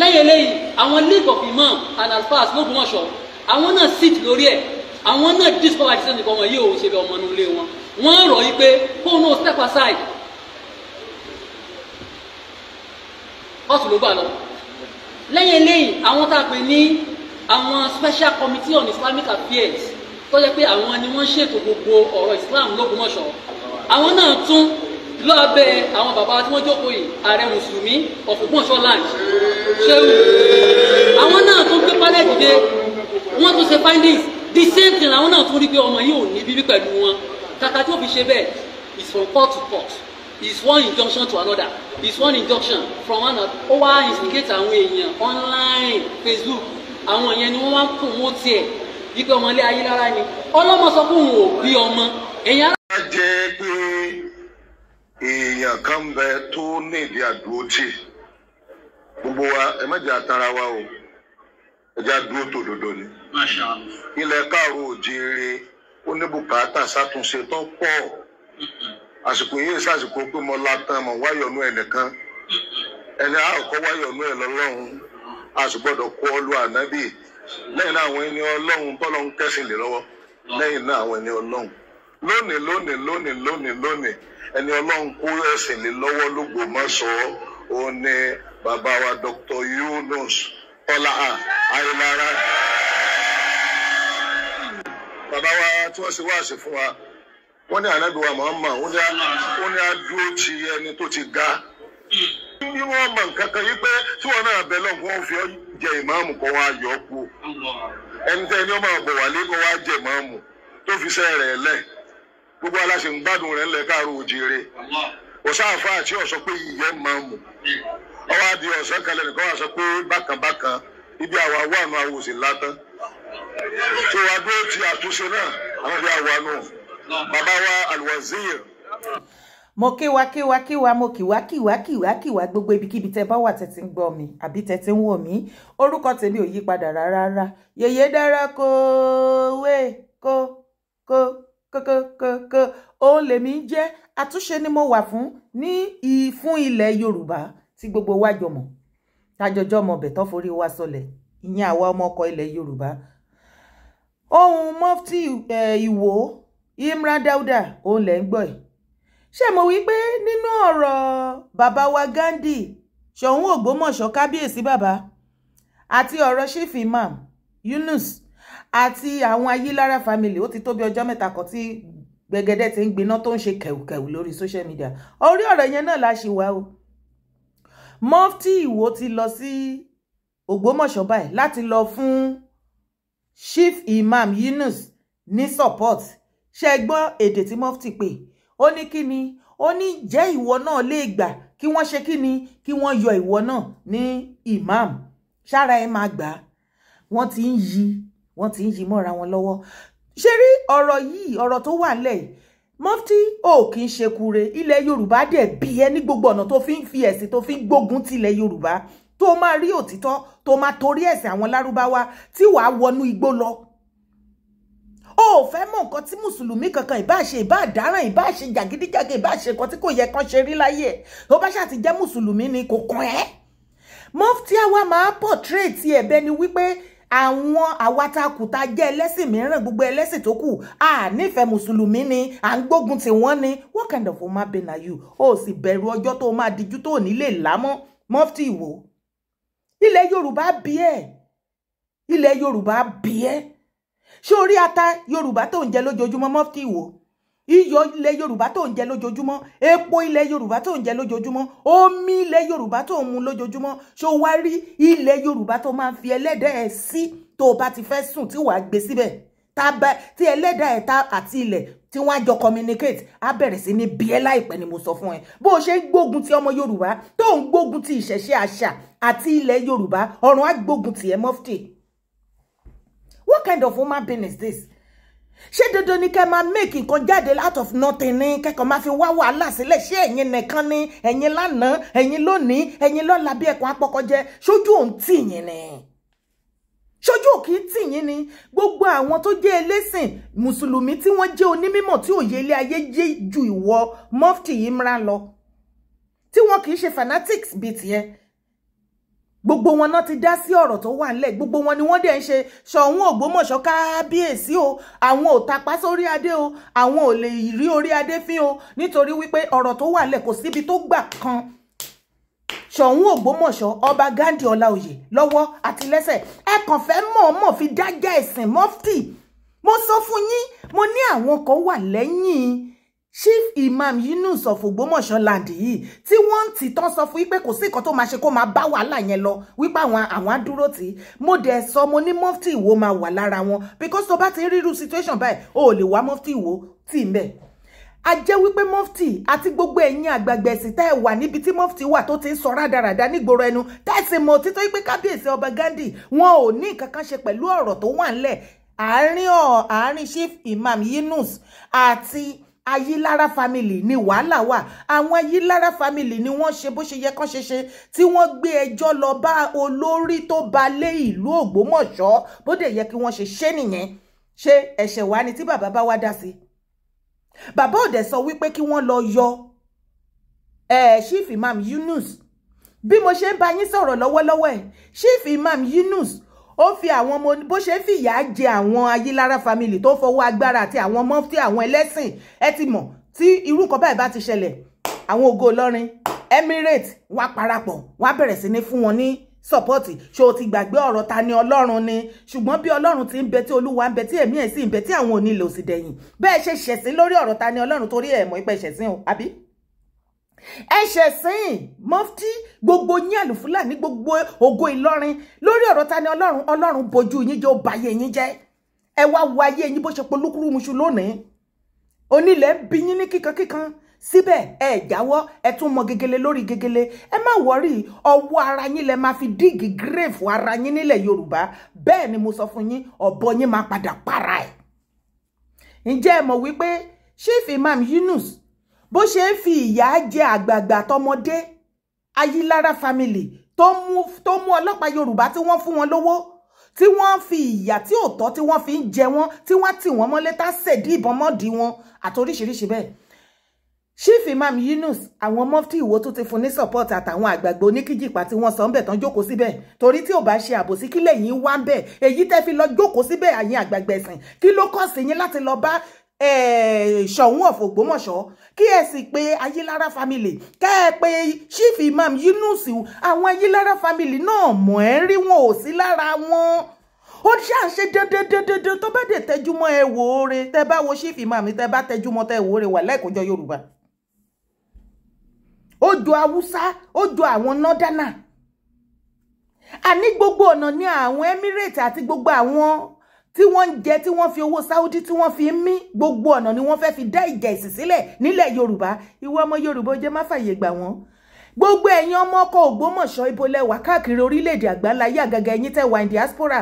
lẹ́yìn eléyìí àwọn league of imam and alfas lógúnmọ̀ṣọ́ àwọn náà sit lórí ẹ̀ àwọn náà discover àti sẹ́ni kan wọn yìí ò ṣe bí ọmọ inú ilé wọn wọ́n rọ̀ yí pé kóun náà step aside ọ̀tún ló gbà lọ lẹ́yìn eléyìí àwọn tá a pè ní àwọn special committee on islamic affairs tó jẹ́ pé àwọn ni wọ́n ṣètò gbogbo ọ̀rọ̀ islam lógúnmọ̀ṣọ́ àwọn náà tún lábẹ́ àwọn bàbá tí wọ́n jókòó yìí ààrẹ mùsùlùmí ọ̀fùgbọ́nsọ land ṣéwù àwọn náà tó ń gbé pálẹ̀ dìde wọ́n tún ṣe findings the same thing àwọn náà tún rí pé ọmọ yìí ò ní bíbí pẹ̀lú wọn kàkà tí ó fi ṣe bẹ́ẹ̀ is from court to court is one injunction to another is one injunction from one ó wá instigate àwọn èèyàn online facebook àwọn yẹn ni wọ́n wá ń kùn wọ́n tiẹ̀ wípé ọmọ ilé ayé lára ni ọlọ́mọ sọ fún òun ò bí ọmọ ẹ̀yìn ara. a jẹ pé kan bẹ tó ní gbogbo wa wa o ni. ilẹ̀ ó ní tó pọ̀ àsìkò yìí sàsìkò pé mo la tán wáyọ̀nù ẹ̀ nìkan ẹni wáyọ̀nù ẹ̀ lọ́lọ́run a sì gbọ́dọ̀ ànábì lẹ́yìn náà àwọn ẹni ọlọ́run kẹ́sìn lè lọ́wọ́ mm. lẹ́yìn náà àwọn ẹni ọlọ́run kó ẹ̀sìn lé lọ́wọ́ lógbòmọ̀ṣọ́ ó ní bàbá wa Dr. Yunus tọ́lá àìlára bàbá wa tí wọ́n ṣe sí fún wa wọ́n ní ànábìwá Muhammad ó ní adúró ti ẹni tó ti ga ní wọ́n mọ̀ nǹkan kan yìí pé tí wọ́n náà bẹ̀ lọ́nkọ́ wọn fi jẹ ìmáàmù kọ́ wá yọ ọ́ kú ẹni tẹ́ ẹni ọmọ àbọ̀wálé kọ́ wá jẹ ìmáàmù tó fi sẹ́rẹ̀ ẹ̀ lẹ́ẹ̀. gbogbo aláṣẹ ń gbádùn rẹ̀ ńlẹ̀ káàró òjìire òsáàfà àti ọsọ pé ìyẹ́ máa mú ọwọ́ adi ọsọ kalẹ̀ nìkan wà sọ pé bákànbákan ibi àwa wà nù àwòsì látàn tó wàá dúró ti àtúnṣe náà àwọn ibi àwa nù bàbá wa al mo kíwa kíwa kíwa mo kíwa kíwa kíwa kíwa gbogbo ibikíbi tẹ bá wà tẹ ti ń gbọ́ mi àbí tẹ ti ń wò mí orúkọ tèmi ò yí padà rárá yèyé dára kó wé kó kó. kankankankan òun lèmi ń jẹ́ àtúnṣe ni mo wà fún ní ìfún ilẹ̀ yorùbá tí gbogbo wa jọmọ tájọjọ ọmọ ọbẹ tó forí wa sọlẹ̀ ìyẹn àwa ọmọ ọkọ ilẹ̀ yorùbá ohun mọ́fítì ìwò imran dauda òun lẹ̀ ń gbọ́ ẹ̀ ṣé mo wí pé nínú ọ̀rọ̀ bàbá wa gandhi ṣòun ògbómọ̀ṣọ́ kábíyèsí bàbá àti ọ̀rọ̀ ṣífì imam yunus àti àwọn ayílára family ó ti tó bí ọjọ́ mẹ́ta kan tí gbẹ̀gẹ́dẹ́ ti ń gbiná tó ń ṣe kẹ̀wùkẹ̀wù lórí social media orí ọ̀rọ̀ yẹn náà la ṣe wá o mọ́fítì ìwò ti lọ sí ògbómọ̀ṣọ́ báyìí láti lọ fún chief imam yunus ní support ṣe gbọ́ èdè tí mọ́fítì pè ó ní kí ni ó ní jẹ́ ìwọ náà lè gbà kí wọ́n ṣe kí ni kí wọ́n yọ ìwọ náà ní imam ṣára ẹ máa gbà wọ́n ti ń yí wọ́n ti ń yí mọ́ra wọn lọ́wọ́ ṣe rí ọ̀rọ̀ yìí ọ̀rọ̀ tó wà lẹ̀ mọ́fítì ò kì í ṣe kure ilẹ̀ yorùbá dẹ̀ bí ẹ ní gbogbo ọ̀nà tó fi ń fi ẹ̀sìn tó fi ń gbógun tilẹ̀ yorùbá tó máa rí òtítọ́ tó máa torí ẹ̀sìn àwọn lárúbáwá tí wàá wọnú igbó lọ o ò fẹ́ mọ̀ nǹkan tí mùsùlùmí kankan ìbá ṣe ìbá jàgídíjàgé ìbá nǹkan tí kò yẹ kán ṣe rí láyé ẹ̀ tó bá ṣáà ti jẹ́ mùsùlùmí ni kò kàn ẹ́ mọ́fítì àwa máa pọ̀ tírèètì ẹ̀bẹ ni wípé àwọn a jẹ́ ẹlẹ́sìn mìíràn gbogbo ẹlẹ́sìn tó kù à nífẹ̀ẹ́ mùsùlùmí ni à ń gbógun tí wọ́n ni what kind of woman be na you o sì bẹ̀rù ọjọ́ tó máa dijú tó ní lè lámọ́ mọ́fítì ìwò ilẹ̀ yorùbá bí ẹ̀ ilẹ̀ yorùbá bí ẹ̀ ṣé orí ata yorùbá tó ń jẹ lójoojúmọ́ mọ́fítì ìwò iyọ̀ ilẹ̀ yorùbá tó ń jẹ lójoojúmọ́ epo ilẹ̀ yorùbá tó ń jẹ lójoojúmọ́ omi ilẹ̀ yorùbá tó ń mu lójoojúmọ́ ṣó wá rí ilẹ̀ yorùbá tó máa ń fi ẹlẹ́dẹ̀ ẹ̀ sí tó o bá ti fẹ́ sùn tí wàá gbé síbẹ̀ tí ẹlẹ́dàá ta àti ilẹ̀ tí wọ́n á jọ communicate á bẹ̀rẹ̀ sí ní bí ẹ ni mo sọ fún ẹ bó o ṣe ń gbógun ti ọmọ yorùbá tó ń gbógun ti ìṣẹ̀ṣe àṣà àti ilẹ̀ yorùbá ọ̀run á gbógun ti ẹ mọ́fìtì what kind of woman being is this ṣé dandan ni kẹ́ máa make nǹkan jáde out of nothing ni kẹ́kọ̀ọ́ máa fi wá wàhálà sílẹ̀ ṣé ẹ̀yin nìkan ni ẹ̀yin lánàá ẹ̀yin lónìí ẹ̀yin lọ́la bí ẹ̀kọ́ apọ́kọ́jẹ ṣojú òun tì yín ni ṣojú òkì tì yín ni gbogbo àwọn tó jẹ́ ẹlẹ́sìn mùsùlùmí tí wọ́n jẹ́ onímọ̀ tí òye ilé ayé jẹ́ ju ìwọ mọ́fìtì Imran lọ tí wọ́n kì í ṣe fanatics bíi tiẹ̀ gbogbo wọn náà ti dá sí ọ̀rọ̀ tó wà nílẹ̀ gbogbo wọn ni wọ́n dẹ̀ ń ṣe Ṣọ̀ún Ògbómọ̀ṣọ́ kábíyèsí o àwọn ò tapá sórí adé o àwọn ò lè rí orí adé fín o nítorí wípé ọ̀rọ̀ tó wà nílẹ̀ kò síbi tó gbà kan Ṣọ̀ún Ògbómọ̀ṣọ́ ọba Ghandi Ọláoyè lọ́wọ́ àti lẹ́sẹ̀ ẹ kàn fẹ́ mọ̀ọ́mọ̀ fi dájà ẹ̀sìn mọ́fítì mo sọ fún yín mo ní àwọn kan wà lẹ́yìn chief imam Yunus of Ògbómọ̀ṣọ́ land yìí tí wọ́n ń tì tán sọ fún wípé kò sí nǹkan tó máa ṣe kó máa bá wàhálà yẹn lọ wípé àwọn àwọn á dúró mo dẹ̀ sọ mo ní mufti Ìwó máa wà lára wọn because tó bá ti ń rírú situation báyìí o ò lè wá mufti Ìwó tì í mbẹ̀ a jẹ́ wípé mufti àti gbogbo ẹ̀yin àgbàgbà ẹ̀sìn tá ẹ̀ wà níbi tí mufti wà tó ti ń sọ rádaràda nígboro ẹnu tá ẹ̀ sì mọ̀ títọ́ wípé kábíyèsí ọba Gandhi wọn ò ní nǹkan kan ṣe pẹ̀lú ọ̀rọ̀ tó wà ńlẹ̀ àárín ọ̀ àárín chief imam Yunus àti ayílára family ni wàhálà wà àwọn ayílára family ni wọ́n ṣe bó ṣe yẹ kán ṣe ṣe tí wọ́n gbé ẹjọ́ lọ bá olórí tó balẹ̀ ìlú Ògbómọ̀ṣọ́ bó dẹ̀ yẹ kí wọ́n ṣe ṣe nìyẹn ṣé ẹ̀ṣẹ̀ wá ni tí bàbá bá wá dá sí bàbá òdẹ sọ wípé kí wọ́n lọ yọ chief imam Yunus bí mo ṣe ń bá yín sọ̀rọ̀ lọ́wọ́lọ́wọ́ ẹ̀ chief imam Yunus ó fi àwọn ọmọ bó ṣe fìyà jẹ àwọn ayélára family tó fọwọ́ agbára àti àwọn ọmọ fi àwọn ẹlẹ́sìn ẹ ti mọ̀ tí irú nǹkan báyìí bá ti ṣẹlẹ̀ àwọn ògo olórin Emirates wá parapọ̀ wá bẹ̀rẹ̀ sí ní fún wọn ní support ṣé o ti gbàgbé ọ̀rọ̀ ta ni ọlọ́run ni ṣùgbọ́n bí ọlọ́run ti ń bẹ tí olúwa ń bẹ tí ẹ̀mí ẹ̀ sì ń bẹ tí àwọn onílò sì dẹ̀yìn bẹ́ẹ̀ ṣe ṣẹ̀sín lórí ọ̀rọ̀ ta ni ọlọ́run torí ẹ̀ mọ̀ ìpẹ́ ṣẹ̀sín o àbí ẹ̀ṣẹ̀ sìn mọ́fítì gbogbo yín àlùfúlàní gbogbo ògo ìlọrin lórí ọ̀rọ̀ ta ni ọlọ́run ọlọ́run bojú yín jẹ́ ó ba ayé yín jẹ́ ẹ wá wo ayé yín bó ṣe polúkúrú muṣu lónìí onílẹ̀ ń bí yín ní kíkankíkan síbẹ̀ ẹ jáwọ́ ẹ tún mọ gegele lórí gegele ẹ má wọrí ọwọ́ ara yín lẹ máa fi díìgì gírèfù ara yín nílẹ̀ yorùbá bẹ́ẹ̀ ni mo sọ fún yín ọ̀bọ yín máa padà para ẹ̀ ǹjẹ́ ẹ mọ̀ wípé chief imam yunus bó ṣe ń fi ìyà jẹ àgbààgbà tọmọdé Ayilara family tó mú tó mú ọlọ́pàá Yorùbá tí wọ́n fún wọn lówó tí wọ́n fi ìyà tí ò tọ́ tí wọ́n fi ń jẹ wọ́n tí wọ́n tì wọ́n mọ́lé tá sẹ̀dí ìbọn mọ́dí wọn àti oríṣiríṣi bẹ́ẹ̀ chief imam Yunus àwọn mufti Ìwó tó ti fún ní support àtàwọn àgbàgbà oníkíjìpá tí wọ́n sọ ń bẹ̀ tán jókòó síbẹ̀ torí tí ò bá ṣe àbòsí kí lẹ́yìn wá ń bẹ̀ èyí tẹ́ fi lọ jókòó síbẹ̀ àyín àgbàgbà kí ló kàn sí yín láti lọ bá Eh, ṣọ̀hún of Ògbómọ̀ṣọ́ kí ẹ sì pé ayélára family kẹ́ ẹ pé chief imam Yunus àwọn ayélára family náà mọ̀ ẹ́ rí wọn ò sí lára wọn ó ṣáà ṣe dandandandandan tó bá dé tẹjúmọ́ ẹ wò ó re tẹ bá wo chief imam tẹ bá tẹjúmọ́ tẹ wò ó re wà lẹ́ẹ̀kọ́jọ́ Yorùbá ó jọ Haúsá ó jọ àwọn nọ́dánà àní gbogbo ọ̀nà ní àwọn Emirates àti gbogbo àwọn tí wọ́n ń jẹ tí wọ́n fi owó Saudi tí wọ́n fi ń mí gbogbo ọ̀nà ni wọ́n fẹ́ fi dá ìjà ìsìn sílẹ̀ nílẹ̀ Yorùbá ìwọ ọmọ Yorùbá ó jẹ́ má fàyè gbà wọ́n gbogbo ẹ̀yin ọmọ ọkọ̀ Ògbómọ̀ṣọ́ ibo lẹ́wà káàkiri orílẹ̀-èdè àgbáláyé àgàgà ẹ̀yin tẹ́ wà ní diaspora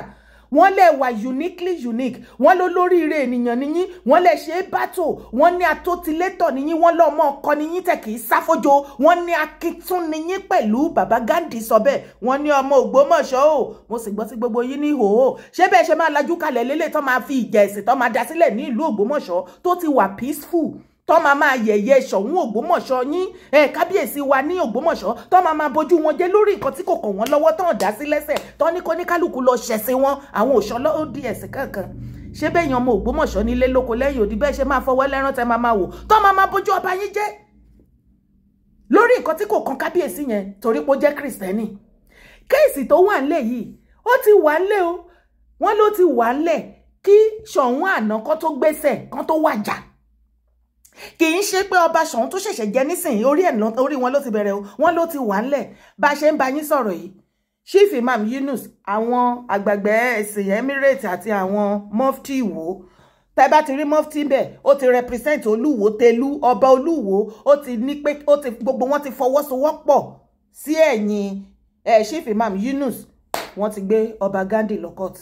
wọ́n lè wà uniquely unique wọ́n ló lóríire ènìyàn níyín wọ́n lè ṣe é bátò wọ́n ní atótilétọ̀ níyín wọ́n lọ́mọ ọkọ níyín tẹ̀ kì í sáfójó wọ́n ní akitún níyín pẹ̀lú bàbá Gandhi sọ bẹ́ẹ̀ wọ́n ní ọmọ Ògbómọ̀ṣọ́ o mo sì gbọ́ sí gbogbo yín ní ìhòòhò ṣé bẹ́ẹ̀ ṣe máa lajú kalẹ̀ lélẹ̀ tó máa fi ìjà ẹ̀sìn tó máa dá sílẹ̀ ní ìlú Ògbómọ̀ṣọ́ tó ti wà peaceful tọ́ máa máa yẹ̀yẹ́ ṣọ̀hún ògbómọ̀ṣọ́ yín ẹ̀ kábíyèsí wa ní ògbómọ̀ṣọ́ tọ́ máa máa bójú wọn jẹ́ lórí nǹkan tí kò kàn wọ́n lọ́wọ́ tán dá sí lẹ́sẹ̀ tọ́ ní kó ní kálukú lọ ṣẹ̀sìn wọn àwọn òṣọ́ lọ́dí ẹ̀sìn kankan ṣé bẹ́ẹ̀ yan ọmọ ògbómọ̀ṣọ́ nílé lóko lẹ́yìn òdì bẹ́ẹ̀ ṣe máa fọwọ́ lẹ́rán tẹ máa máa wò tọ́ máa máa bójú ọba yín jẹ́ lórí nǹkan tí kò kan kábíyèsí yẹn torí pé ó jẹ́ kìrìsìtẹ́nì kéèsì tó wà ńlẹ̀ yìí ó ti wà ńlẹ̀ o wọ́n ló ti wà ńlẹ̀ kí ṣọ̀hún àná kan tó gbéṣẹ̀ kan tó wàjà kì í ṣe pé ọba ṣọ̀ún tó ṣẹ̀ṣẹ̀ jẹ nísìnyí orí ẹ̀ orí wọn ló ti bẹ̀rẹ̀ o wọn ló ti wà ńlẹ̀ bá a ṣe ń ba yín sọ̀rọ̀ yìí chief imam Yunus àwọn àgbàgbẹ́ ẹ̀sìn emirate àti àwọn mufti wo tẹ bá ti rí mufti bẹ́ẹ̀ ó ti represent olúwo telu ọba olúwo ó ti ní pé ó ti gbogbo wọn ti fọwọ́sowọ́pọ̀ sí ẹ̀yìn ẹ̀ chief imam Yunus wọ́n ti gbé ọba Gandhi lọ court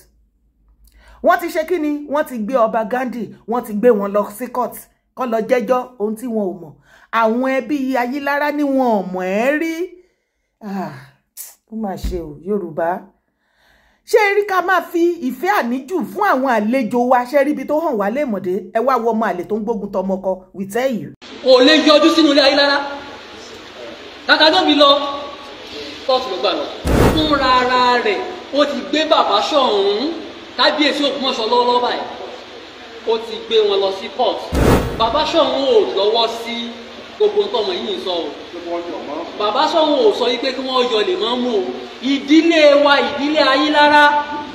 wọ́n ti ṣe kí ni wọ́n ti gbé ọba Gandhi wọ́n ti gbé wọn lọ sí court kọ́ lọ jẹ́jọ́ ohun tí wọn ò mọ̀ àwọn ẹbí ayílára ni wọn ò mọ̀ ẹ́ rí ah, ó mà ṣe o yorùbá ṣé rí ká máa fi ìfẹ́ àníjù fún àwọn àlejò wa ṣe ríbi tó hàn wá lẹ́mọ̀dé ẹ wá wo ọmọ àlè tó ń gbógun tọmọ kọ we tell you. kò lè yọjú sínú ilé ayílára kàkà tó mi lọ kóòtù ló gbà lọ fúnra ara rẹ̀ ó ti gbé bàbá sọ̀hún kábíyèsí Ògbómọ̀ṣọ́ lọ́wọ́lọ́wọ́ báyìí ó ti gbé wọn lọ sí court bàbá Ṣọ̀ún ò lọ́wọ́ sí gbogbo tọmọ yìí sọ o bàbá Ṣọ̀ún ò sọ wípé kí wọ́n yọ lè mọ́ mú o ìdílé wa ìdílé Ayílára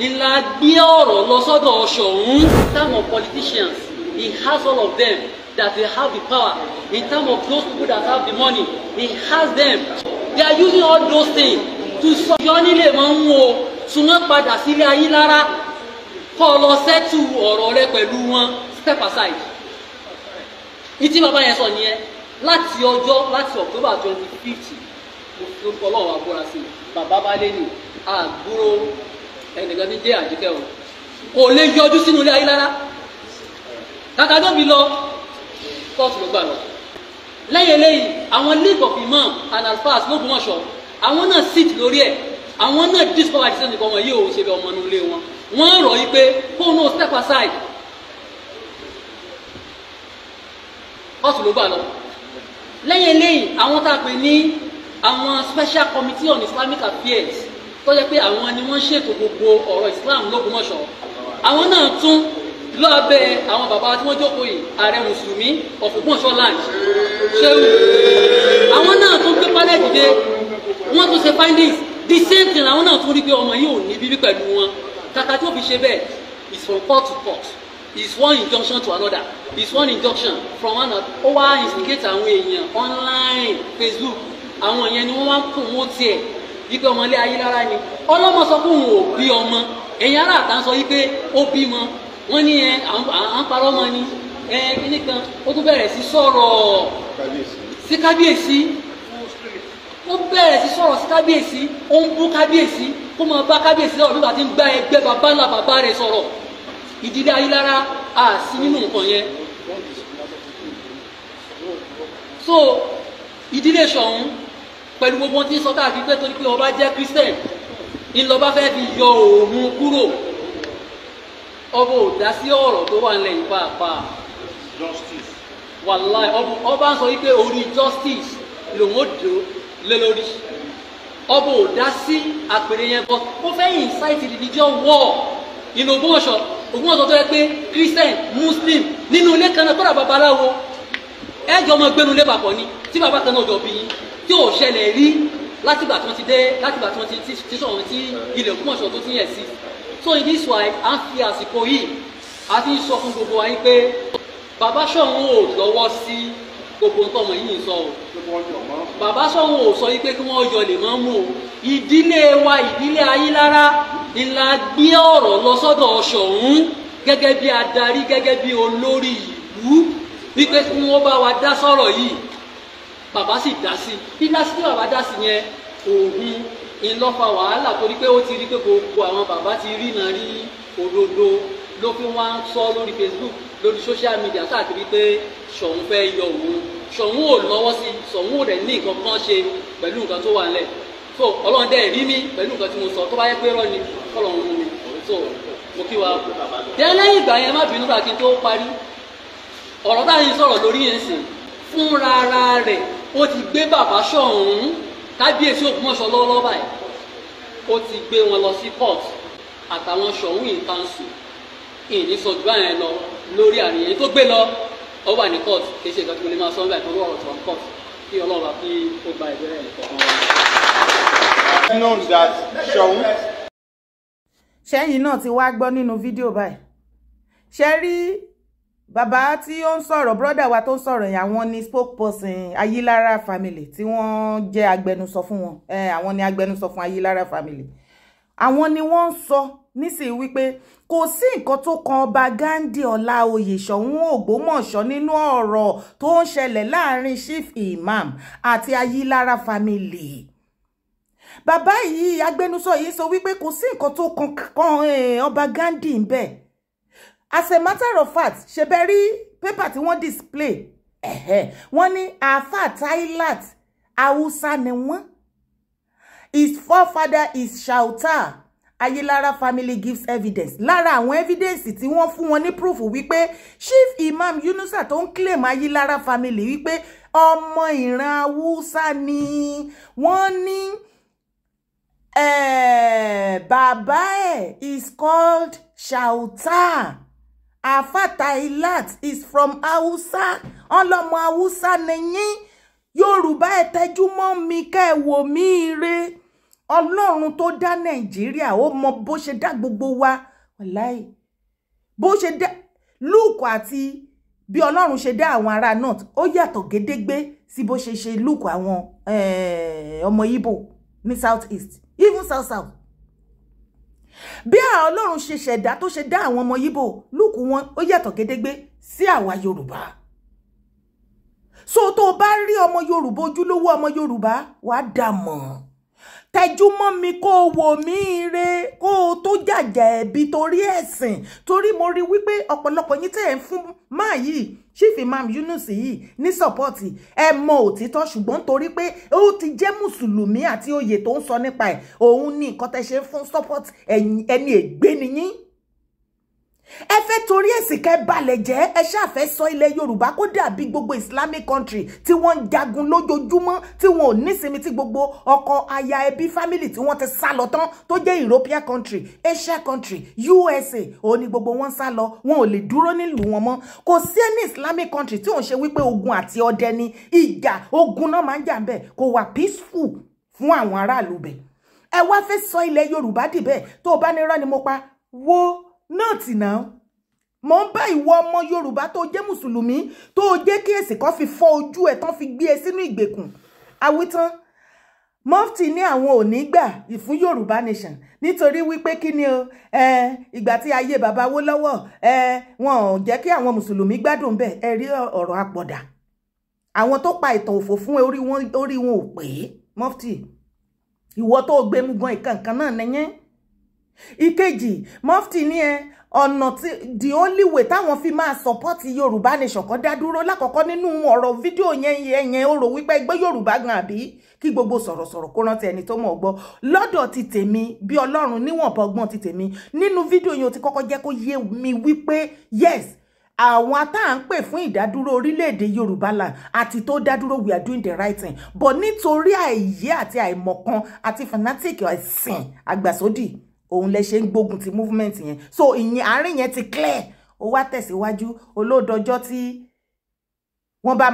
ìlà gbé ọ̀rọ̀ lọ sọ́dọ̀ Ṣọ̀ún táwọn politicians he has all of them that they have the power in terms of those people that have the money he has them they are using all those things to sọ yọ nílé mọ́ mú o sùnà padà sílé Ayílára kọ́ ọ lọ sẹ́tù ọ̀rọ̀ rẹ pẹ̀lú wọn step aside ní tí bàbá yẹn sọ nìyẹn láti ọjọ́ láti October twenty fifth mo fi orúkọ ọlọ́run àbúrà sí i bàbá bá lé ní àgbúrò ẹnìkan ní jẹ́ àjíkẹ́ o kò lè yọjú sínú ilé ayé rárá kàkà tó fi lọ kóòtù ló gbà lọ lẹ́yìn eléyìí àwọn league of imam and alfas lóògùn ọ̀ṣọ́ àwọn náà sit lórí ẹ̀ àwọn náà discover àti sẹ́ni ọmọ yìí ò ṣe bí ọmọ inú ilé wọn wọ́n rọ̀ yí pé kó náà step aside ọ̀sùn ló gbà lọ. lẹ́yìn eléyìí àwọn tá a pè ní àwọn special committee on Islamic affairs tó jẹ́ pé àwọn ni wọ́n ṣètò gbogbo ọ̀rọ̀ Islam lógúnmọ̀ṣọ́ àwọn náà tún lọ́bẹ̀ àwọn bàbá tí wọ́n jókòó yìí ààrẹ mùsùlùmí ọ̀fùgbọ̀nsọ land ṣéwù àwọn náà tún gbé pálẹ̀ dìde wọ́n tún ṣe findings the same thing làwọn náà tún rí pé ọmọ yìí ò ní bíbí pẹ̀lú wọn kàkà tó fi ṣe bẹ́ẹ̀ is from court to court is one injunction to another is one injunction from one another ó wá instigate àwọn èèyàn online facebook àwọn yẹn ni wọ́n wá promote ẹ̀ wípé ọmọlé ayélujára ni ọlọ́mọ sọ pé òun ò bí ọmọ ẹ̀yin ará àtà ń sọ wípé ó bímọ wọ́n ní ẹ à ń parọ́ ọmọ ni ẹ kíní ó tún bẹ̀rẹ̀ sí sọ̀rọ̀ sí kábíyèsí ó bẹ̀rẹ̀ sí sọ̀rọ̀ sí kábíyèsí ó ń bú kábíyèsí kó máa bá kábíyèsí sọ̀rọ̀ nígbà tí ń gbá ẹgbẹ́ bàbá ńlá bàbá rẹ̀ sọ̀rọ̀ ìdílé Ayílára à sí nínú nǹkan yẹn so ìdílé Ṣọ̀ún pẹ̀lú gbogbo tí ń sọ káàkiri pé torí pé ọba jẹ́ Christian ńlọba fẹ́ fi yọ òun kúrò ọba ò dá sí ọ̀rọ̀ tó wà nílẹ̀ yìí pàápàá wàláì ọba ń sọ wípé orí justice lòun ó dòó lé lórí ọba ò dá sí àpèrè yẹn bọ ó fẹ́ yìn sáìtì religion war ìlú Ògbómọ̀ṣọ́ Ògbómọ̀ṣọ́ tó yẹ pé christian muslim nínú ilé kan náà kọ́ra babaláwo ẹ̀jọ̀ ọmọ gbénu lé papọ̀ ni tí bàbá kan náà jọ bí yín tí ò ṣẹlẹ̀ rí látìgbà tí wọ́n ti dé látìgbà tí wọ́n ti ti sọ̀rọ̀ tí ilẹ̀ Ògbómọ̀ṣọ́ tó ti yẹ̀ sí so in this way à ń fi àsìkò yìí a ti ń sọ fún gbogbo wa yín pé bàbá Ṣọ̀ún ò lọ́wọ́ sí gbogbo nǹkan ọmọ yìí ń sọ o bàbá sọ̀hún ò sọ pé kí wọ́n yọ lè máa mú o ìdílé wa ìdílé Ayílára ńlá gbé ọ̀rọ̀ lọ sọ́dọ̀ Ṣọ̀ún gẹ́gẹ́ bí adarí gẹ́gẹ́ bí olórí ìlú wípé kí wọ́n bá wa dá sọ̀rọ̀ yìí bàbá sì dá sí bí lásìkò bàbá dá sí yẹn òun ńlọ́fà wàhálà torí pé ó ti rí pé gbogbo àwọn bàbá ti rí náà rí òdodo ló fi wá ń sọ lórí Facebook lórí social media káàkiri pé ṣòun fẹ́ yọ òun ṣòun ò lọ́wọ́ sí ṣòun ò rẹ̀ ní nǹkan kan ṣe pẹ̀lú nǹkan tó wà ńlẹ̀ so ọlọ́run dẹ́ rí mi pẹ̀lú nǹkan tí mo sọ tó bá yẹ pé rọ́ ni kọ́lọ́run mú mi so mo kí wa dẹ́ lẹ́yìn ìgbà yẹn má bínú ra kí n tó parí ọ̀rọ̀ táyìn sọ̀rọ̀ lórí yẹn sìn fúnra rẹ̀ ó ti gbé bàbá ṣọ̀hún kábíyèsí Ògbómọ̀ṣọ́ lọ́wọ́lọ́wọ́ báyìí ó ti gbé wọn lọ sí court àtàwọn ṣọ̀hún in ìní sọ ju àyẹn lọ lórí àníyàn èyí tó gbé lọ ọ wà ní court kì í ṣe ìgbàgbọ́ lè máa sọ nígbà ìtọ́jú ọ̀rọ̀ tó wà court kí ọlọ́run àti ó gba ẹ̀ kọ̀ọ̀kan wọn. sẹ́yìn náà ti wá gbọ́ nínú fídíò báyìí ṣe rí bàbá tí ó ń sọ̀rọ̀ brọ́dà wa tó ń sọ̀rọ̀ yẹn àwọn ni spokesperson Ayilara family tí wọ́n jẹ́ agbẹnusọ fún wọn àwọn ni agbẹnusọ fún Ayilara family àwọn ni wọ́n ń sọ nísìnyí wípé kò sí nǹkan tó kan ọba Ghandi Ọláoyè Ṣọ̀ún Ògbómọ̀ṣọ́ nínú ọ̀rọ̀ tó ń ṣẹlẹ̀ láàrin chief imam àti Ayílára family bàbá yìí agbẹnusọ yìí sọ wípé kò sí nǹkan tó kan kan eh, ọba Ghandi ń bẹ as a matter of fact ṣebẹ rí pépà tí wọ́n display ẹ̀hẹ́ wọ́n ní àáfàá tailat haúsá ni wọ́n his forefather is Shautar Ayilara family gives evidence lára àwọn evidence tí wọ́n fún wọn ní proof wípé chief imam Yunusa tó ń claim Ayilara family wípé ọmọ ìran Haúsá ni wọ́n ní eh, bàbá ẹ̀ is called Shautar afatailat is from Hausa ọlọ́mọ Hausa nìyí Yorùbá ẹ̀ tẹ́jú mọ́ mi kẹ́ wò mí ire ọlọ́run tó dá nàìjíríà ó mọ bó ṣe dá gbogbo wa wàláì bó ṣe dá lúùkù àti bí ọlọ́run ṣe dá àwọn ará north ó yàtọ̀ gédégbé sí bó ṣe ṣe lúùkù àwọn eh, ọmọ Ìgbò ní south east even south south bí àwọn ọlọ́run ṣe ṣẹ̀dá tó ṣe dá àwọn ọmọ Ìgbò lúùkù wọn ó yàtọ̀ gédégbé sí àwa yorùbá so tó o bá rí ọmọ yorùbá ojúlówó ọmọ yorùbá wàá dà mọ́ ọ́n tẹjú mọ́ mi kó o wò mí ire kó o tó jàjà ẹ̀bi torí ẹ̀sìn torí mo rí wípé ọ̀pọ̀lọpọ̀ yín tẹ̀ ń fún máa yìí chief imam Yunus yìí ní sọ́pọ́ọ̀tì ẹ mọ òtítọ́ ṣùgbọ́n torí pé ó ti jẹ́ mùsùlùmí àti oyè tó ń sọ nípa ẹ̀ òun ní nǹkan tẹ́ ṣe ń fún sọ́pọ́ọ̀tì ẹni ègbé nìyín ẹ fẹ́ torí ẹ̀sìn kẹ́ balẹ̀ jẹ́ ẹ ṣàfẹ́ sọ ilẹ̀ yorùbá kó dàbí gbogbo islamic country tí wọ́n ń jagun lójoojúmọ́ tí wọn ò nísinmi tí gbogbo ọkọ aya ẹbí family tí wọ́n ti sá lọ tán tó jẹ́ european country asia country usa òun ni gbogbo wọn sá lọ wọn ò lè dúró nílùú wọn mọ́ kò sí ẹni islamic country tí òun ṣe wípé ogun àti ọdẹ ni ìjà ogun náà máa ń jà ń kò wà peaceful fún àwọn aráàlú bẹ̀ ẹ wá fẹ́ sọ ilẹ̀ yorùbá dìbẹ̀ tó o bá ní rán ni mo pa wo nóòtì náà mo ń bá ìwọ ọmọ yorùbá tó jẹ́ mùsùlùmí tó jẹ́ kí èsì kan fi fọ́ ojú ẹ̀ tán fi gbé e sínú ìgbèkùn àwítán mọ́fìtì ní àwọn ò gbà fún yorùbá nation nítorí wípé kí ni o ìgbà tí ayé bàbá wó lọ́wọ́ wọn ò jẹ́ kí àwọn mùsùlùmí gbádùn bẹ́ẹ̀ ẹ rí ọ̀rọ̀ apọ̀dà àwọn tó pa ìtàn òfò fún orí wọn ò pè é mọ́fìtì ìwọ tó gbẹmú gan ìkànkan náà nìyẹn ìkejì mọ́fìtì ní ẹ ọ̀nà tí the only way táwọn fi máa support yorùbá nation kan dá dúró lákọ̀ọ́kọ́ nínú ọ̀rọ̀ fídíò yẹn yẹn ó rò wípé ẹgbẹ́ yorùbá gan àbí kí gbogbo sọ̀rọ̀sọ̀rọ̀ kó rántí ẹni tó mọ̀ gbọ́ lọ́dọ̀ ti tèmi bí ọlọ́run níwọ̀nba ọgbọ́n ti tèmi nínú fídíò yẹn ó ti kọ́kọ́ jẹ́ kó yé mi wípé yes àwọn tá à ń pè fún ìdádúró orílẹ̀-èdè yorùbá là àti tó dádúró we are doing the right thing but nítorí àìyé àti àìmọ̀kan àti fanatic ẹ̀sìn àgbàsódì òun lẹ ṣe ń gbógun ti movement yẹn so ìyẹn àárín yẹn ti clear ó wá tẹ̀síwájú olóòdọjọ́ tí wọ́n bá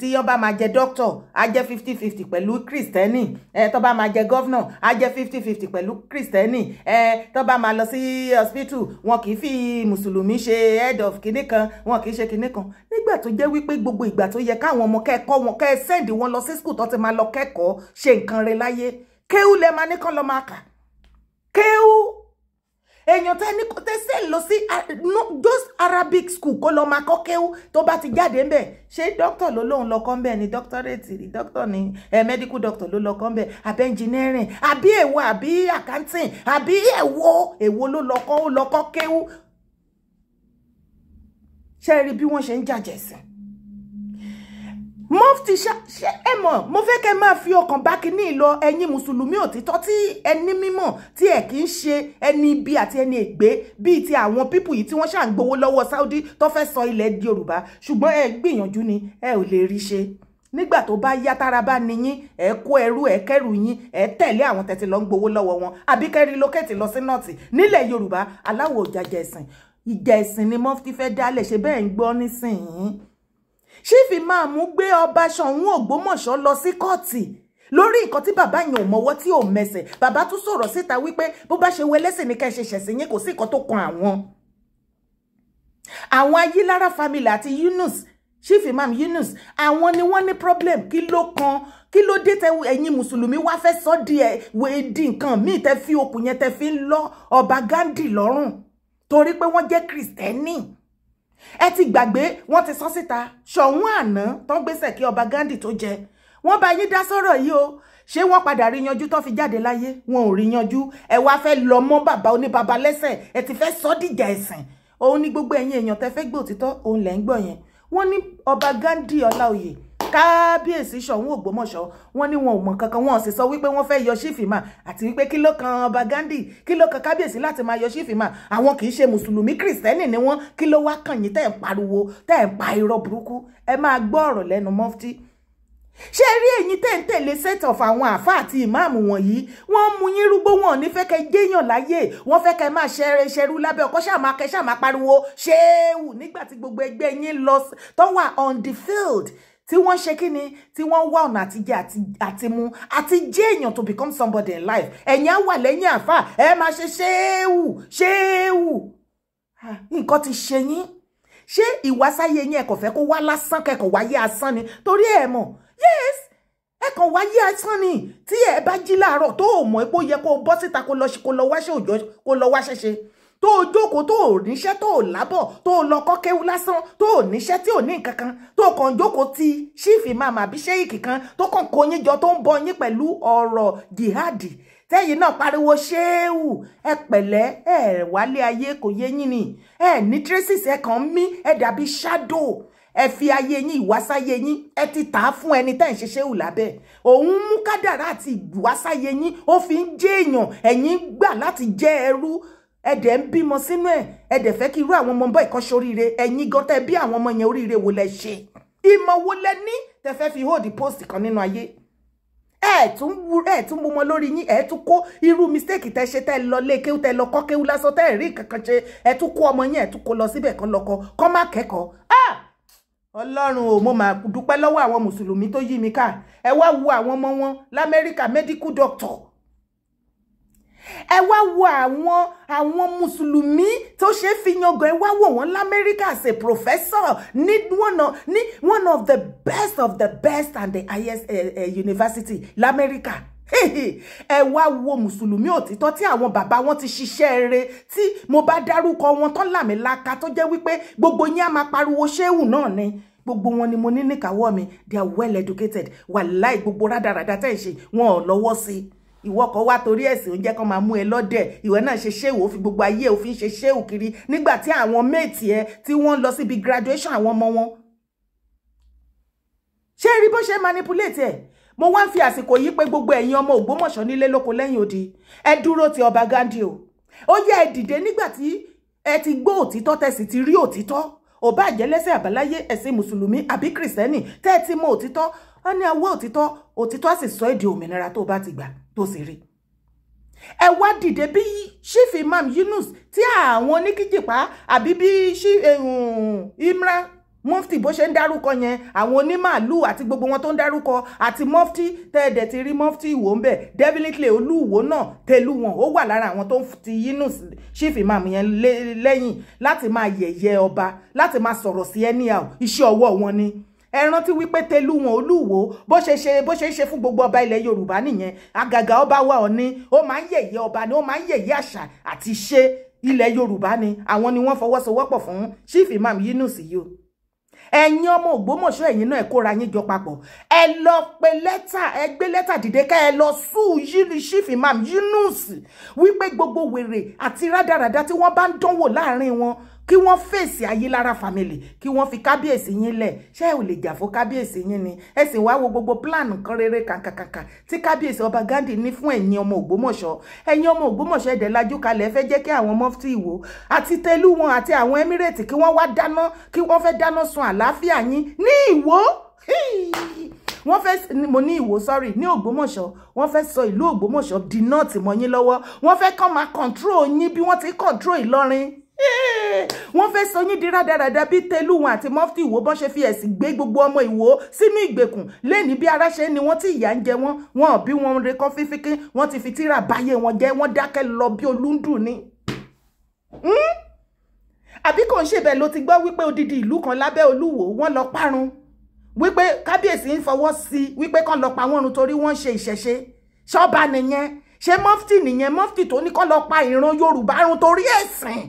tí wọ́n bá máa jẹ doctor á jẹ́ fifty fifty pẹ̀lú kristẹni ẹ tó bá máa jẹ governor á jẹ́ fifty fifty pẹ̀lú kristẹni ẹ tó bá máa lọ sí hospital wọn kì í fi mùsùlùmí ṣe head of kinní kan wọn kì í ṣe kinní kan nígbà tó jẹ́ wípé gbogbo ìgbà tó yẹ káwọn ọmọ kẹ́kọ̀ọ́ wọn kẹ́ send wọn lọ sí school tó ti máa lọ kẹ́kọ̀ọ́ ṣe nǹkan rẹ̀ láyé kéwù lẹ́ẹ̀ ní kán lọ́ọ́ máa kà kéwù èèyàn tẹ ní tẹsẹ̀ lọ sí ah, those arabic school kó lọ máa kọ́ kéwú tó bá ti jáde ń bẹ̀ ṣé dókítà ló lóun lọ kọ́ ń ni doctorate ni doctor ni eh, medical doctor ló lọ kọ́ ń bẹ̀ àbí engineering àbí èwo àbí accounting àbí èwo èwo ló lọ kọ́ ó lọ kọ́ kéwú ṣe rí bí wọ́n ṣe ń jàjẹ̀sìn mufti ṣe ẹ mọ̀ mo fẹ́ kẹ́ máa fi ọkàn bá kínní ìlọ ẹ̀yin mùsùlùmí òtítọ́ tí ẹni mímọ́ tí ẹ̀ kì í ṣe ẹni ibi àti ẹni ègbé bíi ti àwọn pípù yìí tí wọ́n ṣà ń gbowó lọ́wọ́ Saudi tó fẹ́ sọ ilẹ̀ di Yorùbá ṣùgbọ́n ẹ gbìyànjú ni ẹ ò lè rí ṣe nígbà tó bá yá tára bá ní yín ẹ kó ẹrú ẹ kẹrù yín ẹ tẹ̀lé àwọn tẹ̀tí lọ ń gbowó lọ́wọ́ wọn àbí kẹ́rí lókètì lọ sí nọ́ọ̀tì nílẹ̀ Yorùbá aláwọ̀ òjàjà ẹ̀sìn ni mufti fẹ́ dálẹ̀ ṣe bẹ́ẹ̀ ń gbọ́ nísìnyí chief imam gbé ọba Ṣọ̀ún Ògbómọ̀ṣọ́ lọ sí kóòtì lórí nǹkan tí bàbá yẹn ò mọwọ́ tí ò mẹsẹ̀ bàbá tún sọ̀rọ̀ síta wípé bó bá ṣe wẹlẹ́sìn ní ká ṣe yín kò sí nǹkan tó kan àwọn àwọn Ayílára family àti Yunus chief imam Yunus àwọn ni wọ́n ní problem kí ló kan kí ló dé tẹ ẹ̀yin mùsùlùmí wá fẹ́ sọ di ẹ wèé di nǹkan míì tẹ fi okùn yẹn tẹ fi ń lọ ọba Ghandi lọ́rùn torí pé wọ́n jẹ́ kristẹni ẹ ti gbàgbé wọ́n ti sọ síta ṣọ̀hún àná tán gbèsè kí ọba Ghandi tó jẹ wọ́n bá yín dá sọ́rọ̀ yìí o ṣé wọ́n padà rí yanjú tán fi jáde láyé wọn ò rí yanjú ẹ wá fẹ́ lọ mọ́ bàbá oníbàbá lẹ́sẹ̀ ẹ ti fẹ́ sọ dìjà ẹ̀sìn òun ni gbogbo ẹ̀yin èèyàn tẹ́ fẹ́ gbọ́ òtítọ́ òun lẹ ń gbọ́ yẹn wọ́n ní ọba Ghandi Ọláoyè kábíyèsí ṣọ̀ún ògbómọ̀ṣọ́ wọ́n ní wọn ò mọ̀ kankan wọn sì sọ wípé wọ́n fẹ́ yọ sífìmà àti wípé kí ló kan ọba Ghandi kí ló kan kábíyèsí láti máa yọ sífìmà àwọn kì í ṣe mùsùlùmí kìrìsìtẹ́nì ni wọ́n kí ló wá kàn yín tẹ́ ẹ̀ ń pariwo tẹ́ ẹ̀ ń pa irọ́ burúkú ẹ máa gbọ́ ọ̀rọ̀ lẹ́nu mọ́fítì ṣé rí ẹ̀yin tẹ́ ń tẹ̀lé set of àwọn àfa àti ìmáàmù wọ̀nyí wọ́n mú yín rúgbó wọn ní fẹ́ kẹ́ jẹ́yàn láyè wọ́n fẹ́ kẹ́ máa ṣẹrẹ ṣẹrú lábẹ́ ọkọ́ ṣàmà kẹ́ ṣàmà pariwo ṣéèwù nígbà tí gbogbo ẹgbẹ́ yín lọ tó wà on the field tí wọ́n ṣe kí ni tí wọ́n wá ọ̀nà àtijẹ Ati mu àti jẹ́ èèyàn to become somebody in life ẹ̀yin á wà lẹ́yìn àfà ẹ máa ṣe ṣéèwù ṣéèwù nǹkan ti ṣe yín ṣé ìwásáyé yín ẹ̀kọ́ fẹ́ kó wá lásán kẹ́kọ̀ọ́ wáyé asán ni torí e mo. yes ẹ̀kọ́ wáyé asán ni tí ẹ bá jí láàárọ̀ tó o mọ̀ pé ó yẹ kó o bọ́ síta kó lọ wáṣẹ́ òjọ́ kó lọ wáṣẹ́ ṣe tó o jókòó tó o níṣẹ́ tó o lábọ̀ tó o lọ kọ́ lásán tó o níṣẹ́ tí ò ní nǹkan kan tó o kàn jókòó ti ṣífì màmá àbí ṣéyìkì kan tó kàn kó yín jọ tó ń bọ yín pẹ̀lú ọ̀rọ̀ jihadi tẹ́yìn náà pariwo ṣéwù ẹ pẹ̀lẹ́ ẹ wálé ayé kò yé yín ni ẹ ní traces ẹ kàn ń mí ẹ dàbí shadow ẹ fi ayé yín ìwásáyé yín ẹ ti tà á fún ẹni tẹ́ ń ṣe ṣéwù lábẹ́ òun mú kádàrá àti ìwásáyé yín ó fi ń jẹ́ èèyàn ẹ̀yin gbà láti jẹ́ ẹrú ẹ̀dẹ̀ ń bímọ sínú ẹ̀ ẹ̀dẹ̀ fẹ́ kí irú àwọn ọmọ bọ́ọ̀ ìkọ́ṣe oríire ẹ̀yin gan tẹ́ bí àwọn ọmọ yẹn oríire wò lẹ ṣe ìmọ̀ wo lẹ ní tẹ́ fẹ́ fi hold post kan nínú ayé ẹ̀ tún wú ẹ̀ tún mú mọ lórí yín ẹ̀ tún kó irú mistake tẹ́ ṣe tẹ́ lọ lé kéwú tẹ́ lọ kọ́ kéwú lásán tẹ́ rí kankan ṣe ẹ̀ tún kó ọmọ yín ẹ̀ tún kó lọ síbẹ̀ kan lọkọ kọ́ má kẹ́kọ̀ọ́ ah ọlọ́run ò mo mà dúpẹ́ lọ́wọ́ àwọn mùsùlùmí tó yí mi ká ẹ wá wo àwọn ọmọ wọn lamẹ́ríkà medical doctor ẹ wá wo àwọn àwọn mùsùlùmí tó ṣe fi yangàn ẹ wá wò wọ́n lamẹ́ríkà as a professor ní one of one of the best of the best and the highest uh, uh, university lamẹ́ríkà ẹ wá wo mùsùlùmí òtítọ́ tí àwọn bàbá wọn ti ṣiṣẹ́ rere tí mo bá dárúkọ wọn tán làmìlaka tó jẹ́ wípé gbogbo yín á máa pariwo ṣéwù náà ni gbogbo wọn ni mo ní níkàáwọ́ mi they are well educated wàláì gbogbo rádaràda tẹ́ ẹ̀ ṣe wọn ò lọ́wọ́ sí i ìwọ kan wá torí ẹ̀sìn oúnjẹ kan máa mú ẹ lọ́dẹ̀ ìwọ náà ṣe ṣéwù ó fi gbogbo ayé ó fi ń ṣe ṣéwù kiri nígbà tí àwọn méètì ẹ tí wọ́n lọ síbi graduation àwọn ọmọ wọn ṣé rí bó ṣe manipulate ẹ mo wá ń fi àsìkò yìí pé gbogbo ẹ̀yin ọmọ Ògbómọ̀ṣọ́ nílé lóko lẹ́yìn odi ẹ dúró ti ọba Ghandi o ó yẹ ẹ dìde nígbà tí ẹ ti gbọ́ òtítọ́ tẹ̀sí ti rí òtítọ́ ò bá jẹ́ lẹ́sẹ̀ àbáláyé ẹ̀sìn mùsùlùmí àbí kìrìsìtẹ́nì tẹ́ ẹ ti mọ òtítọ́ á ní awọ́ òtítọ́ òtítọ́ á sì sọ èdè òmìnira tó bá ti gbà tó sì rí ẹ wá dìde bí chief imam Yunus tí àwọn oníkíjìpá àbí bí eh, hmm, Imran mufti bó ṣe ń dárúkọ yẹn àwọn onímàálù àti gbogbo wọn tó ń dárúkọ àti mufti tẹ́ẹ̀dẹ̀ ti rí mufti ìwò ń definitely olúwo náà tẹ̀lú wọn ó wà lára àwọn tó ti Yunus chief imam yẹn lẹ́yìn láti máa yẹ̀yẹ́ oba, láti ma sọ̀rọ̀ sí anyhow iṣẹ́ ọwọ́ wọn ni ẹ rántí wípé telu wọn olúwo bó ṣe ṣe bó ṣe ṣe fún gbogbo ọba ilẹ̀ yorùbá nìyẹn àgàgà ọba wa ọ̀ni ó máa ń yẹ̀yẹ́ ọba ni ó máa ń yẹ̀yẹ́ àṣà àti ṣe ilẹ̀ yorùbá ni àwọn ni wọ́n fọwọ́sowọ́pọ̀ fún chief imam yunus yìí o ẹ̀yin ọmọ ògbómọ̀ṣọ́ ẹ̀yin náà ẹ kóra yín jọ papọ̀ ẹ lọ pe lẹ́tà ẹ gbé lẹ́tà dìde ká ẹ lọ sùn yìí chief imam yunus wípé gbogbo wèrè àti rádaràda tí wọ́n bá ń dánwò láàrin wọn kí wọ́n fèsì Ayílára family kí wọ́n fi kábíyèsí yín lẹ̀ ṣé ò lè jà fún kábíyèsí yín ni ẹ sì wá wo gbogbo plan kan rere kàǹkàǹkà tí kábíyèsí ọba Ghandi ní fún ẹ̀yin ọmọ Ògbómọ̀ṣọ́ ẹ̀yin ọmọ Ògbómọ̀ṣọ́ ẹ̀dẹ̀ lajú kalẹ̀ fẹ́ jẹ́ kí àwọn mọ́fítì ìwò àti tẹlú wọn àti àwọn emirate kí wọ́n wá dáná kí wọ́n fẹ́ dáná sun àlàáfíà yín ní ìwó wọ́n fẹ́ mo ní ìwò sorry ní ògbómọ̀ṣọ́ wọ́n fẹ́ sọ ìlú ògbómọ̀ṣọ́ di náà tì mọ́ yín lọ́wọ́ wọ́n fẹ́ kàn máa control yín bí wọ́n ti control ìlọrin wọ́n fẹ́ sọ yín di rádaràda bíi Tẹ́lúwọn àti mọ́fítì ìwò bọ́n ṣe fi ẹ̀sìn gbé gbogbo ọmọ ìwò sínú ìgbèkùn lẹ́ni bí ara ṣe ni wọ́n ti ìyà ń jẹ wọ́n wọn ò bí wọn re kọ́ fífíkí wọ́n ti fi tíra báyé wọn jẹ́ wọ́n dákẹ́ lọ bí olúndùn ni. Hmm? àbí kò ń ṣe bẹ́ẹ̀ ló ti gbọ́ wípé odidi ìlú kan lábẹ́ Olúwo wọ́n lọ parun wípé kábíyèsí ń fọwọ́ sí wípé kán lọ pa wọ́n run torí wọ́n ṣe ìṣẹ̀ṣe ṣọ́ba nìyẹn ṣé mọ́fítì nìyẹn mọ́fítì tó ní kán lọ pa ìran Yorùbá run torí ẹ̀sìn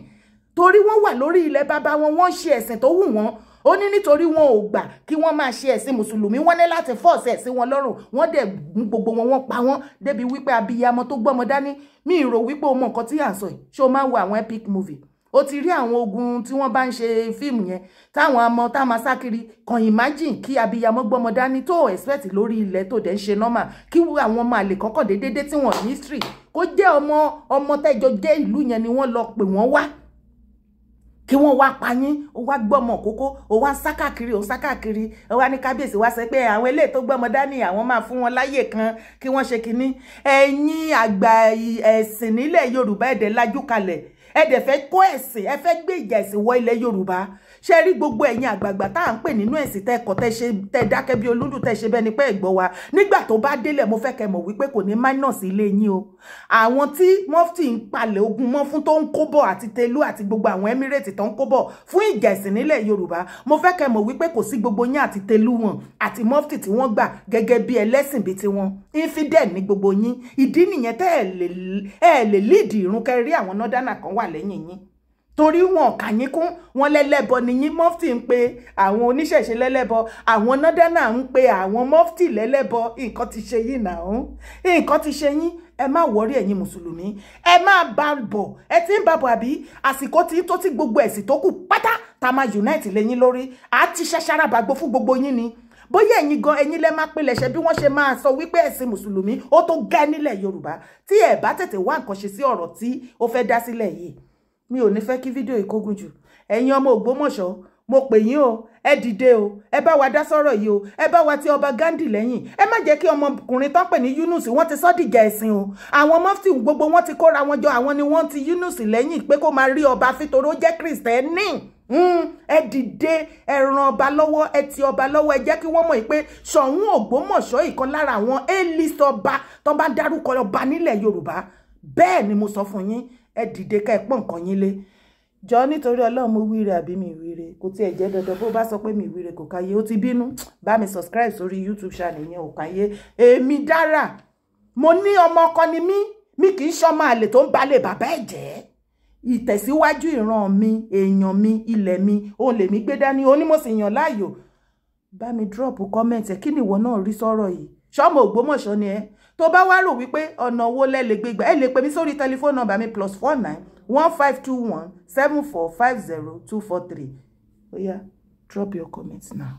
torí wọ́n wà lórí ilẹ̀ bàbá wọn wọ́n ṣe ẹ̀sìn tó wù wọ́n ó ní nítorí wọn ò gbà kí wọ́n máa ṣe ẹ̀sìn mùsùlùmí wọ́n ní láti fọ́ọ̀sì ẹ̀sìn wọn lọ́rùn wọ́n dẹ̀ gbogbo wọn wọ́n pa wọ́n débi wípé abiyamọ tó gbọ́mọ dání mi ìrò wípé o mọ nǹkan tí à ń sọ yìí ṣé o máa wo àwọn epic movie o ti rí àwọn ogun tí wọ́n bá ń ṣe fíìmù yẹn táwọn ọmọ tá a máa sá kiri kàn imagine kí abiyamọ gbọ́mọ dání tó expect lórí ilẹ̀ tó dẹ̀ ń ṣe normal kí àwọn ọmọ àlè kọ́kàn déédéé tí wọ́n ní history kó jẹ́ ọmọ ọmọ tẹ́jọ jẹ́ ìlú yẹn ni wọ́n lọ pè wọ́n wá kí wọ́n wá pa yín ó wá gbọ́mọ kókó ó wá ń sá káàkiri ó ń sá káàkiri ó wá ní kábíyèsí wá sọ pé àwọn eléyìí tó gbọ́mọ dání àwọn máa fún wọn láyè kan kí wọ́n ṣe kinní ẹ̀yin àgbà ẹ̀sìn nílẹ̀ yorùbá ẹ̀dẹ̀ lajú kalẹ̀ ẹ̀dẹ̀ fẹ́ kó ẹ̀sìn ẹ gbé ìjà ẹ̀sìn wọ ilẹ̀ yorùbá ṣe rí gbogbo ẹ̀yin àgbààgbà tá à ń pè nínú ẹ̀sìn tẹ́ ẹ̀kọ́ tẹ́ ṣe tẹ́ dákẹ́ bí olúdù tẹ́ ṣe bẹ́ni pé ẹ̀gbọ́n wa nígbà tó bá délẹ̀ mo fẹ́ kẹ́ mọ̀ wípé kò ní minus ilé yín o àwọn tí mọ́fìtì ń palẹ̀ ogun mọ́ fún tó ń kóbọ̀ àti telu àti gbogbo àwọn emirate tó ń kóbọ̀ fún ìjà ẹ̀sìn nílẹ̀ yorùbá mo fẹ́ kẹ́ mọ̀ wípé kò sí gbogbo yín àti telu wọn àti mọ́fìtì tí wọ́n gbà gẹ́gẹ́ bí ẹlẹ́sìn bíi tiwọn infidel ní gbogbo yín ìdí nìyẹn tẹ́ ẹ̀ lè lead ìrún kẹrí àwọn nọ́dánà kan wà lẹ́yìn yín torí wọn kà yín kún wọn lẹ́lẹ́bọ nìyí mọ́fìtì ń pe àwọn oníṣẹ̀ṣe lẹ́lẹ́bọ àwọn nọ́dẹ́nà ń pe àwọn mọ́fìtì lẹ́lẹ́bọ nǹkan ti ṣe yín náà nǹkan ti ṣe yín ẹ má wọrí ẹ̀yin mùsùlùmí ẹ máa bá bọ̀ ẹ ti ń bá àbí àsìkò tí tó ti gbogbo ẹ̀sìn tó kù pátá tá a máa unite lẹ́yìn lórí àti ṣaṣara bàgbó fún gbogbo yín ni bóyá ẹ̀yin gan ẹ̀yin lẹ́ máa pilẹ̀ ṣe bí wọ́n ṣe máa sọ wípé ẹ̀sìn mùsùlùmí ó tó gẹ́ nílẹ̀ yorùbá tí ẹ̀ bá tètè wá nǹkan ṣe sí ọ̀rọ̀ tí ó fẹ́ dá sílẹ̀ yìí mi ò ní fẹ́ kí fídíò yìí kógun jù ẹ̀yin ọmọ Ògbómọ̀ṣọ́ mo pè yín o ẹ dìde o ẹ bá wa dá sọ́rọ̀ yìí o ẹ bá wa ti ọba Gandhi lẹ́yìn ẹ má jẹ́ kí ọmọkùnrin tán pè ní Yunus wọ́n ti sọ́dìjà ẹ̀sìn o àwọn mọ́fìtì gbogbo wọ́n ti kóra wọn jọ àwọn ni wọ́n ti Yunus lẹ́yìn pé kó máa rí ọba fítoró jẹ́ Kristẹni hmm, ẹ dìde ẹ ràn ọba lọ́wọ́ ẹ ti ọba lọ́wọ́ ẹ jẹ́ kí wọ́n mọ̀ pé Ṣọ̀ún Ògbómọ̀ṣọ́ ìkan lára àwọn élìsọba tó bá dárúkọ ọba nílẹ̀ Yorùbá bẹ́ẹ̀ ni mo sọ fún yín ẹ dìde ká ẹ pọ́n nǹkan yín lé jọ nítorí ọlọ́run mo wíire àbí mi wíire kò tiẹ̀ jẹ́ dandan bó bá sọ pé mi wíire kò káyé ó ti bínú bá mi subscribe sórí youtube channel yẹn ò káyé èmi dára mo ní ọmọ ọkọ ni mí mi kì í ṣọmọ àlè tó ń balẹ̀ bàbá ẹ̀ jẹ́ ìtẹ̀síwájú ìran mi èèyàn mi ilẹ̀ mi òun lèmi gbé dání onímọ̀sí èèyàn láàyò bá mi drop comment ẹ̀ kí ni ìwọ náà rí sọ́rọ̀ yìí ṣọ́mọ Ògbómọ̀ṣọ́ ni ẹ́ tó bá wá rò wípé ọ̀nà owó lẹ́lẹ̀ gbégbá ẹ lè pè mí sórí tẹlifóònù nọ́mbà mi plus four nine one five two one seven four five zero two four three oya drop your comments now.